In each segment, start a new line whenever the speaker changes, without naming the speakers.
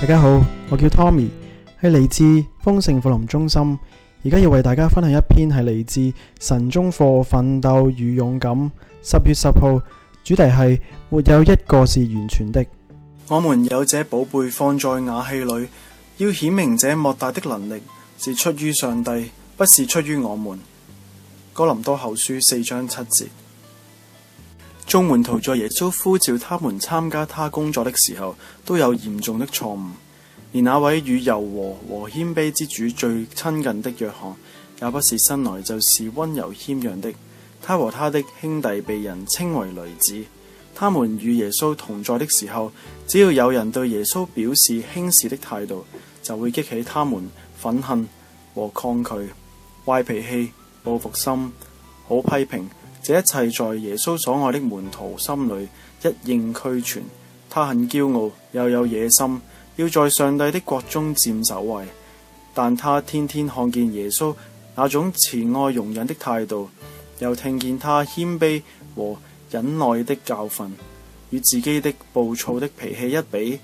大家好，我叫 Tommy，係嚟自豐盛福林中心，而家要為大家分享一篇係嚟自神中課奮鬥與勇敢，十月十號，主題係沒有一個是完全的。我們有這寶貝放在瓦器裏，要顯明這莫大的能力是出於上帝，不是出於我們。哥林多後書四章七節。眾門徒在耶穌呼召他們參加他工作的時候，都有嚴重的錯誤。而那位與柔和和謙卑之主最親近的約翰，也不是生來就是溫柔謙讓的。他和他的兄弟被人稱為雷子。他們與耶穌同在的時候，只要有人對耶穌表示輕視的態度，就會激起他們憤恨和抗拒、壞脾氣、報復心、好批評。這一切在耶穌所愛的門徒心裏一應俱全。他很驕傲，又有野心，要在上帝的國中佔首位。但他天天看見耶穌那種慈愛容忍的態度，又聽見他謙卑和忍耐的教訓，與自己的暴躁的脾氣一比，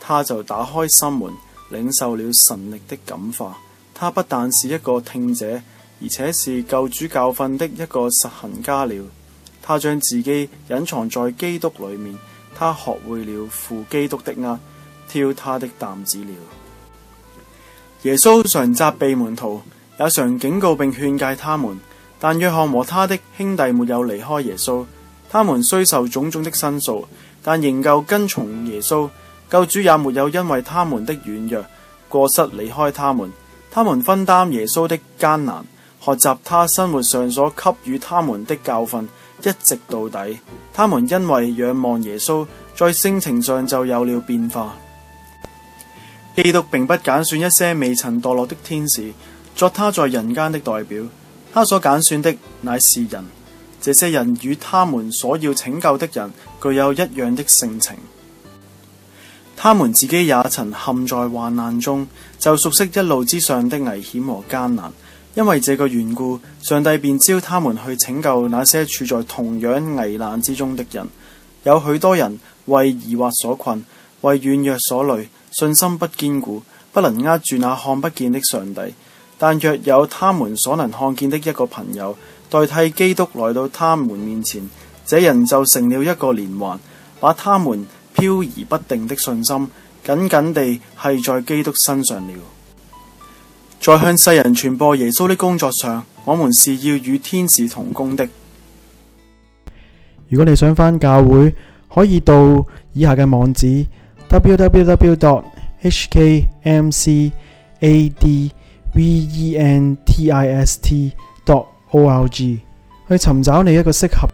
他就打開心門，領受了神力的感化。他不但是一個聽者。而且是救主教訓的一個實行家了。他將自己隱藏在基督裏面，他學會了負基督的軛，挑他的擔子了。耶穌常責備門徒，也常警告並勸誡他們。但約翰和他的兄弟沒有離開耶穌，他們雖受種種的申訴，但仍舊跟從耶穌。救主也沒有因為他們的軟弱過失離開他們。他們分擔耶穌的艱難。學習他生活上所給予他們的教訓，一直到底。他們因為仰望耶穌，在性情上就有了變化。基督並不揀選一些未曾墮落的天使作他在人間的代表，他所揀選的乃是人。這些人與他們所要拯救的人具有一樣的性情，他們自己也曾陷在患難中，就熟悉一路之上的危險和艱難。因為這個緣故，上帝便召他們去拯救那些處在同樣危難之中的人。有許多人為疑惑所困，為軟弱所累，信心不堅固，不能握住那看不見的上帝。但若有他們所能看見的一個朋友代替基督來到他們面前，這人就成了一個連環，把他們飄移不定的信心緊緊地繫在基督身上了。在向世人傳播耶穌的工作上，我們是要與天使同工的。如果你想返教會，可以到以下嘅網址：www.hkmcadventist.org 去尋找你一個適合。